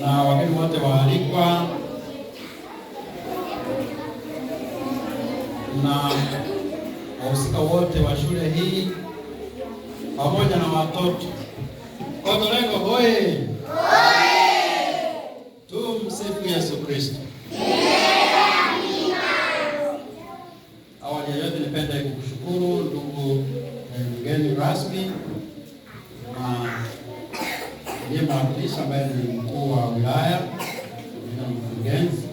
na wageni wote waalikwa na wahusika wote wa shule hii pamoja na watoto Ogolengo hoye! Tumsifu Yesu Kristo. Awali ya yote, nipende kukushukuru ndugu mgeni rasmi ndiye mwakilishi ambaye ni mkuu wa wilaya na mkurugenzi.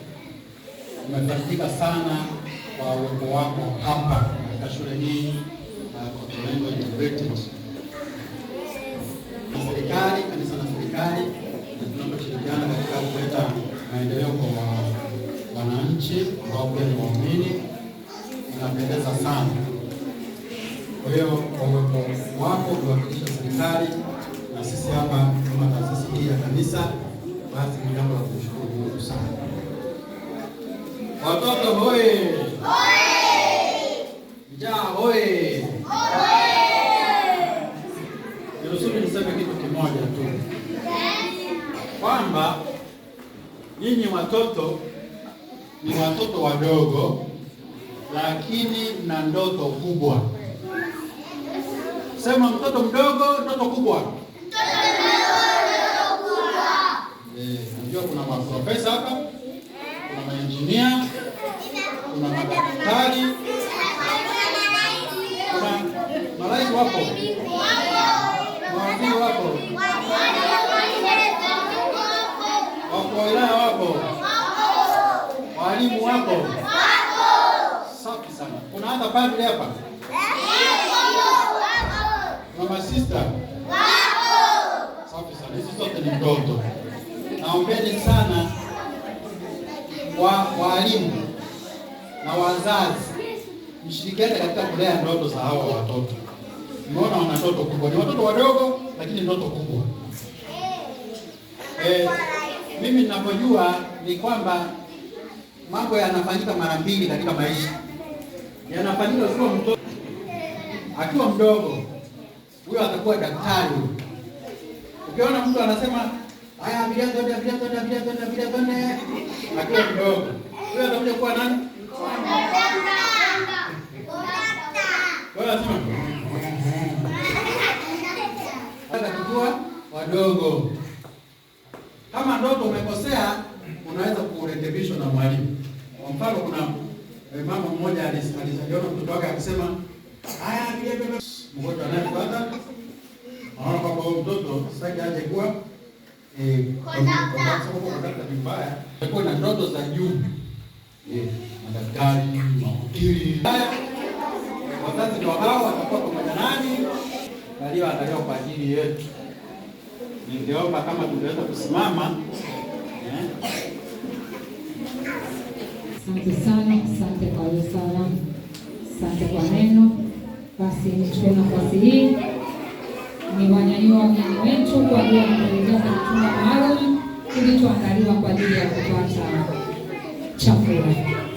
Umefaidika sana kwa uwepo wako hapa katika shule hii na serikali, kanisa na serikali, na tunaposhirikiana katika kuleta maendeleo kwa wananchi ambao pia ni waumini, unapendeza sana. Kwa hiyo kwa uwepo wako uliwakilisha serikali na sisi hapa kanisa, basi ni jambo la kumshukuru Mungu sana. Watoto hoye, njaa hoye, niruhusu niseme kitu kimoja tu kwamba nyinyi watoto ni watoto wadogo, lakini na ndoto kubwa. Sema mtoto mdogo, ndoto kubwa. kuna maprofesa hapa, kuna maenjinia, kuna madaktari, kuna marais wapo, mawaziri wapo, wakuu wa wilaya wapo, walimu wapo. Safi sana. Kuna hata padri hapa, kuna masista. Safi sana, hizi zote ni ndoto naombeni sana wa walimu na wazazi mshirikiane katika kulea ndoto za hawa watoto. Nimeona wana ndoto kubwa, ni watoto wadogo lakini ndoto kubwa. Eh, mimi ninapojua ni kwamba mambo yanafanyika mara mbili katika maisha, yanafanyika ukiwa mtoto, akiwa mdogo huyo atakuwa daktari. Ukiona mtu anasema Haya, abiria gode, abiria gode, abiria gode, abiria gode. Hatua kidogo. Wewe utakuja kuwa nani? Bora wadogo. Kama ndoto umekosea, unaweza kurekebishwa na mwalimu. Kwa mfano, kuna eh, mama mmoja mtoto wake akisema, "Haya, abiria Mgonjwa anayefuata. Anaona mtoto aje kuwa Eh, vibaya ikuwa na ndoto za juu, eh, madaktari, mahubiri. Wazazi ndio hao watakuwa pamoja nani walioandaliwa kwa ajili yetu. Ningeomba kama tungeweza kusimama. Eh. Asante sana, asante kwa hiyo sala, asante kwa neno. Basi nichukue nafasi hii wamewanyanyua wageni wetu kwa ajili ya kuelekea kwenye chumba maalum kilichoandaliwa kwa ajili ya kupata chakula.